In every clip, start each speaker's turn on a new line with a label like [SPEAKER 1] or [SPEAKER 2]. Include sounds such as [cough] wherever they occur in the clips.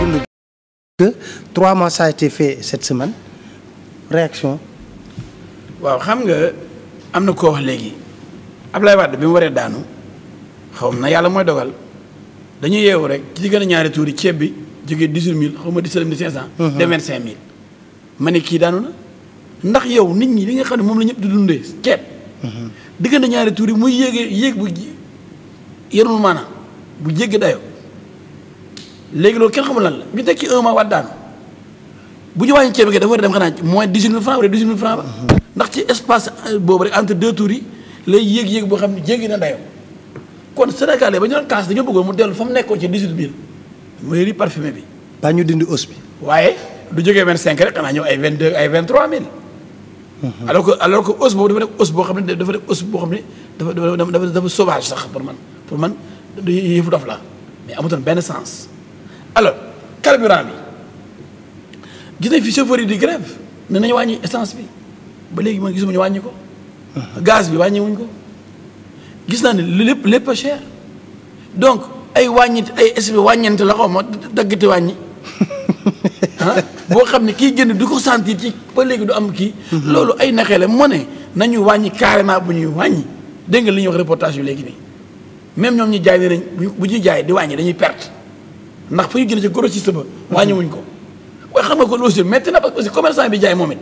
[SPEAKER 1] dund que trois mois ça a été fait cette semaine réaction
[SPEAKER 2] waaw xam nga am na koo wax léegi Ablaye Wade bi mu waree daanu xaw na yàlla mooy dogal dañuy yeewu rek ci gën a ñaari tuuri ceeb bi jógee dix-huit mille xaw ma dix-sept mille cinq cent mhm. dem vingt-cinq mille ma ne kii daanu na ndax yow nit ñi li nga xam ne moom la ñëpp di dundee ceeb mhm. diggante ñaari tuuri muy yéegee yéeg bu yërul maanaam bu jéggi dayo léegi loolu kenn xamul lan la ñu teg un mois waat daanu bu ñu wàññi ceeb bi dafa war a dem xanaa moins dix huit mille franc wala dix huit mille franc ba. ndax ci espace euh, boobu rek entre deux tours yi lay yéeg yéeg boo xam ne jéggi na ndayoo kon Sénégalais ba ñu doon kaas dañoo bëggoon mu dellu fa mu nekkoon ci dix bi. ba ñu dindi os waaye du jógee vingt cinq rek xanaa ñëw ay vingt deux ay vingt trois mille. Mhm. alors que alors que os boobu dafa nekk os boo xam ne dafa nekk os boo xam ne dafa dafa dafa pour man pour man yëfu dof la mais amutoon benn sens. alors carburant bi gis nañ fi chauffeur yi di grève ne nañu wàññi essence bi ba léegi man gisuma ñu wàññi ko. gaz bi wàññi wuñ ko. gis naa ni ne lépp lépp a cher donc ay wàññit ay SB wàññeent la xaw ma daggati wàññi ah [laughs] boo xam ne kii génn du ko sentir ci ba léegi du am kii. Mhm. loolu ay naxee la moo ne nañu wàññi carrément bu ñuy wàññi dégg nga li ñu wax reportage yu léegi nii même ñoom ñu jaay ne nañ bu ñuy jaay di wàññi dañuy perte. ndax fa ñu jëlee ci grossiste ba wàññiwuñ ko waaye xam nga kon aussi métti na parce que aussi commerçant bi jaay moom it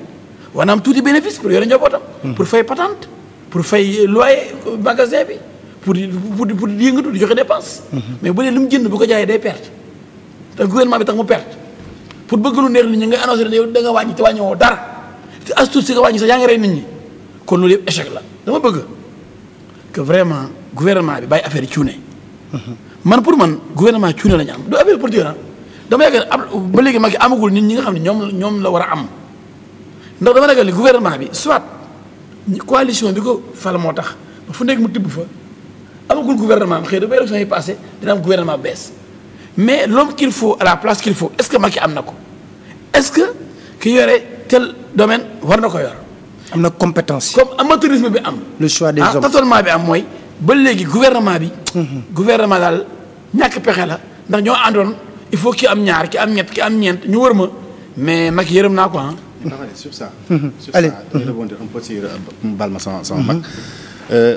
[SPEAKER 2] war na am tuuti bénéfice pour yore njabootam pour fay patente pour fay loyer magasin bi pour pour pour yëngatu di joxe dépense mais bu dee lu mu jënd bu ko jaayee day perte te gouvernement bi tax mu perte pour bëgg lu neex nit ñi ngay annoncé ne yow da nga wàññi te wàññiwoo dara te as tuuti si nga wàññi sax yaa ngi rey nit ñi kon loolu yëpp échec la dama bëgg vraiment gouvernement bi bàyyi affaire yi cuune man pour man gouvernement cuune la ñu am du affaire politique ah dama yaakaar ab ba léegi Macky amagul nit ñi nga xam ne ñoom ñoom la war a am ndax dama ragal ne gouvernement bi soit coalition di ko fal moo tax fu nekk mu tib fa amagul gouvernement am xëy na ba élection yi passé dina am gouvernement bees mais l'homme qu'il faut à la place qu'il est-ce que Macky am na ko est-ce que ki yore tel domaine war na ko yor. am na compétence. comme amateurisme bi am. le choix des ah, hommes bi am mooy. ba léegi gouvernement bi. gouvernement daal ñàkk pexe la ndax ñoo àndoon il faut ki am ñaar ki am ñett ki am ñeent ñu wër ma mais mag yërëm naa ko ah. sur ça. Mhm. sur ça dañuy
[SPEAKER 1] rebondir un peu si euh, ma sama sama mhm. mag. Euh,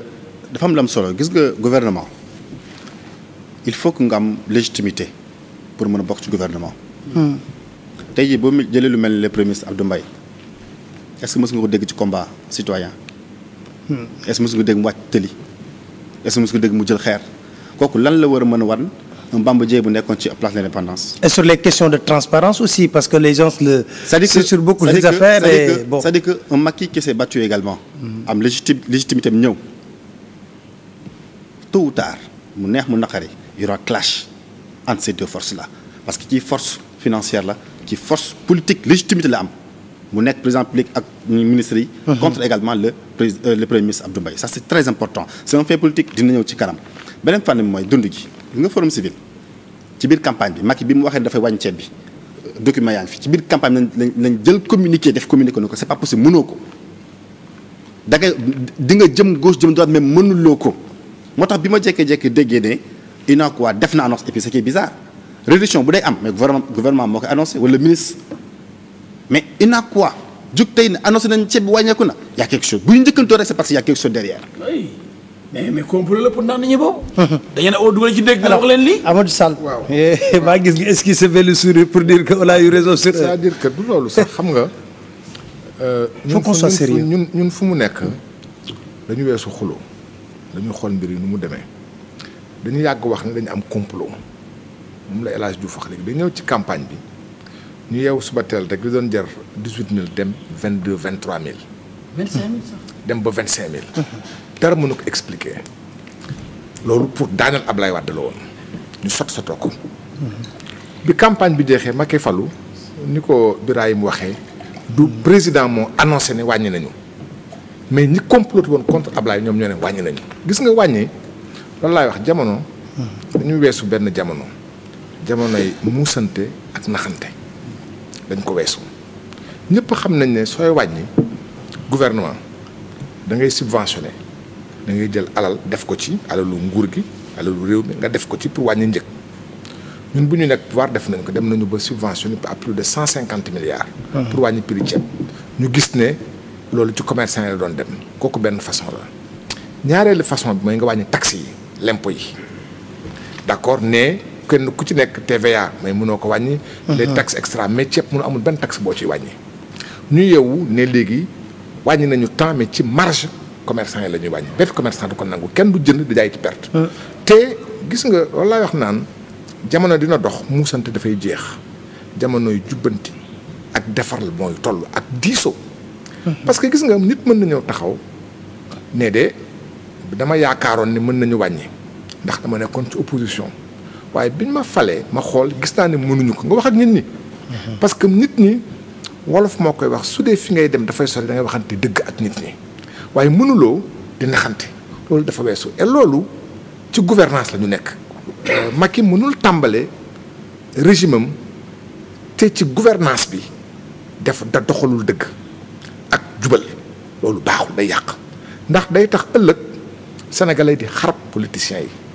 [SPEAKER 1] dafa am lu am solo gis nga gouvernement il faut que nga am légitimité pour mën a bokk ci gouvernement. Mhm. tey jii boo jëlee lu mel ni le premier ministre mbay Mbaye est-ce nga ko dégg ci combat citoyen. est-ce nga dégg mu wàcc tëli. est-ce que dégg mu jël xeer kooku lan la war a mën a wan Bamba Dièye bu nekkoon ci place de l'indépendance. et sur les questions de transparence aussi parce que les gens le. cest que sur beaucoup des affaires et bon c'est-à-dire que un Macky qui s'est battu également. Mm-hmm. am légitimité am ñëw tôt ou tard mu neex mu naqari y aura clash entre ces deux forces là parce que ci force financière la ci force politique légitimité la am. mu nekk président public ak ministre yi. Uh-huh. contre également le président euh, le premier ministre Abdou Mbaye ça c' est très important c' est un fait politique dina ñëw ci kanam beneen fànn bi mooy dund gi nga forum civil ci biir campagne bi Macky bi mu waxee dafay wàññi ceeb bi euh, document yaa ngi fi ci biir campagne bi lañ lañ jël communiqué def communiqué ne ko c' est pas possible mënoo ko da ngay di nga jëm gauche jëm droite mais mënuloo ko moo tax bi ma jékkee-jékkee déggee ne UNACOIS def na annonce et puis c' est bizarre moo ko annoncé wala ministre. mais ina quoi jug tey ne annoncé nañ ceeb bi wàññeeku na y' a quelque chose bu ñu njëkkantoo rek c' est parce que a quelque chose derrière.
[SPEAKER 2] oui mais mais complot la pour naan nañu boobu. [laughs] dañu ne oo dugal ci dégg. alors leen lii Amadou
[SPEAKER 1] eh, [laughs] nga
[SPEAKER 2] esquissé
[SPEAKER 3] benn sourire pour dire euh, ñun ñun fu mu nekk dañu weesu xuloo dañuy xool mbir yi nu mu demee dañu yàgg wax ne dañu am complot moom la El Hadj Diouf wax léegi dañu ñëw ci campagne bi. ñu yeewu suba teel rek li doon jar dix huit mille dem vingt deux vingt trois mille. dem ba vingt cinq mille. dara mënu ko expliquer loolu pour daaneel Ablaye Wade la woon ñu sot sotoo ko. bi campagne bi jeexee Macky falu ni ko Birahim waxee. du président moo annoncé ne wàññi nañu. mais ñi comploté woon contre Ablaye ñoom ñoo ne wàññi nañu. gis nga wàññi loolu laay wax jamono. Hmm. dañu weesu benn jamono. jamonoy muusante ak naxante. dañ ko weesu ñëpp xam nañ ne sooy wàññi gouvernement da ngay subventionné da jël alal def ko ci alalu nguur gi alalu réew mi nga def ko ci pour wàññi njëg ñun bu ñu nekk pouvoir def nañ ko dem nañu ba subventionné à plus de cent cinquante milliards. Ah. pour wàññi prix ceeb. ñu gis ne loolu ci commerçant yi la doon dem kooku benn façon la ñaareelu façon bi mooy nga wàññi taxes yi l'impôt yi d'accord ne kenn ku ci nekk TVA mais mënoo ko wàññi. Mhm. les taxes extra mais ceeb mënu amul benn taxe boo ciy wàññi. ñu yeewu ne léegi wàññi nañu temps mais ci marge commerçant yi la ñuy wàññi benn commerçant du ko nangu kenn du jënd di jaay ci perte. Mhm. te gis nga loolu laay wax naan jamono dina dox muusante dafay jeex jamonoy jubbanti ak defaral mooy toll ak diisoo. Mhm. parce que gis nga nit mën na ñëw taxaw ne de dama yaakaaroon ne mën nañu wàññi ndax dama nekkoon ci opposition. waaye biñ ma falee ma xool gis naa ne mënuñu ko nga wax ak nit ñi. parce que nit ñi wolof moo koy wax su dee fi ngay dem dafay sol da ngay waxante dëgg ak nit ñi waaye mënuloo di naxante loolu dafa weesu et loolu ci gouvernance la ñu nekk. Euh, Macky mënul tàmbale régime te ci gouvernance bi def da doxalul dëgg ak jubal loolu baaxul day yàq ndax day tax ëllëg sénégalais di xarab politiciens yi.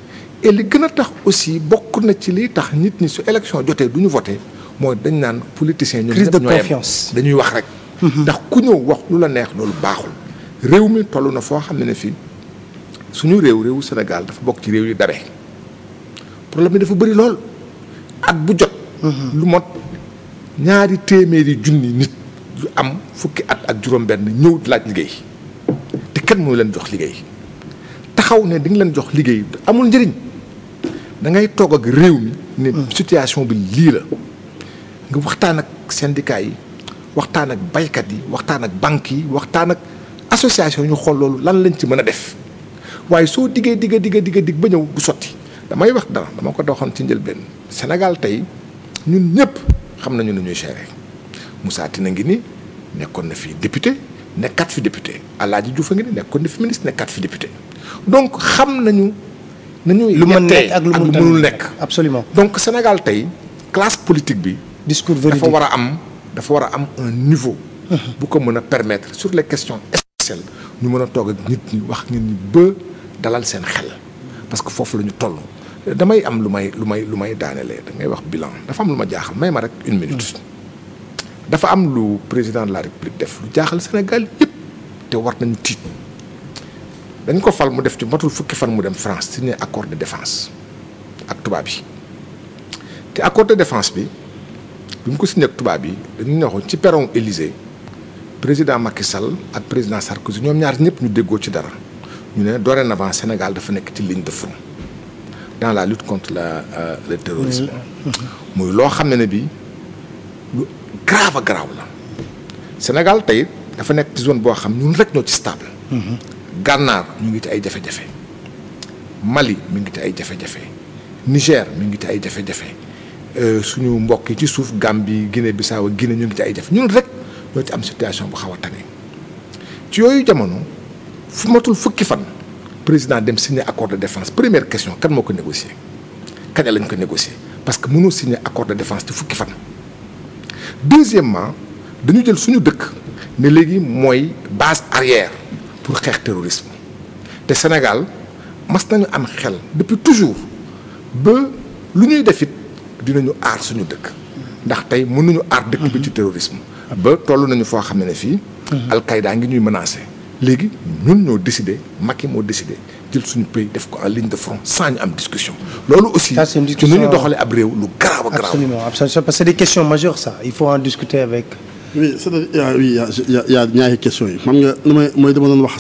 [SPEAKER 3] et li gën a tax aussi bokk na ci lii tax nit ñi su élection jotee du ñu voté mooy dañ naan politicien ñoom ñëpp ñoo yem dañuy wax rek mhm. ndax ku ñëw wax neex loolu baaxul réew mi toll na foo xam ne ne fii suñu réew réewu Sénégal dafa bokk ci réew yi dabee problème bi dafa bëri lool at bu jot mhm. lu mot ñaari téeméeri junni nit yu am fukki at ak juróom benn ñëw laaj liggéey te kenn mënu leen jox liggéey taxaw ne di leen jox liggéey amul njëriñ da ngay toog ak réew mi. ne situation bi lii la. nga waxtaan ak syndicats yi waxtaan ak baykat yi waxtaan ak banques yi waxtaan ak association ñu xool loolu lan lañ ci mën a def waaye soo diggee digga digga digga dig ba ñëw bu sotti. damay wax dara dama ko doxoon ci njëlbeen Sénégal tey ñun ñëpp xam nañu nu ñuy gérer Moussa Tine ngi ni nekkoon na fi député nekkat fi député Alaaji Diouf a ngi ni nekkoon na fi ministre nekkat fi député donc xam nañu. lu mën nekk ak lu mënul nekk absolument donc Sénégal tey classe politique bi discours véridique dafa war a am dafa war a am un niveau uh-huh. bu ko mën a permettre sur les questions essentielles ñu mën a toog ak nit ñi wax nit ñi ba dalal seen xel parce que foofu la ñu toll damay am lu may lu may lu may daanelee da wax bilan dafa am lu ma jaaxal may ma rek une minute uh-huh. dafa am lu président de la république def lu jaaxal Sénégal yëpp te war nañu tiit dañ ko fal mu def ci matul fukki fan mu dem France signé accord de défense ak tubaab yi te accord de défense bi bi mu ko signé ak tubaab yi dañu ne waxoon ci perron Élysée président Macky Sall ak président Sarkozy ñoom ñaar ñëpp ñu déggoo ci dara ñu ne dorénavant Sénégal dafa nekk ci ligne de front dans la lutte contre la euh, le mm-hmm. Mm-hmm. muy loo xam ne ne bi lu grave a grave la. Sénégal tey dafa nekk ci zone boo xam ñun rek ñoo ci stable. Mm-hmm. gànnaar ñu ngi ci ay jafe-jafe Mali mi ngi ci ay jafe-jafe Niger mi ngi ci ay jafe-jafe euh, suñu mbokk yi ci suuf Gambie gine Bissau Guinée ñu ngi ci ay jafe ñun rek ñoo ci am situation bu xaw a ci yooyu jamono fu matul fukki fan président dem signer accord de defence première question kan moo ko négocier kañ lañ ko négocier parce que mënoo signer accord de défense ci fukki fan. deuxièmement dañu jël suñu dëkk ne léegi mooy base arrière. pour xeex terrorisme te Sénégal mas nañu am xel depuis toujours ba lu ñuy def it dinañu aar suñu dëkk ndax tey mënuñu aar dëkk bi mhm. ci terrorisme ba toll nañu foo xam ne fii mhm. alqaïda ngi ñuy menacé léegi ñun ñoo décidé Macky moo décidé jël suñu pays def ko en ligne front sans ñu am discussion loolu aussi ci nu ñu doxalee ab réew lu garaaw a garaaw
[SPEAKER 1] absolument parce que c'est des questions majeures ça il faut en discuter avec oui c'est-à-dire oui y a y a ñaari questions yi xam nga lu may mooy dama doon wax.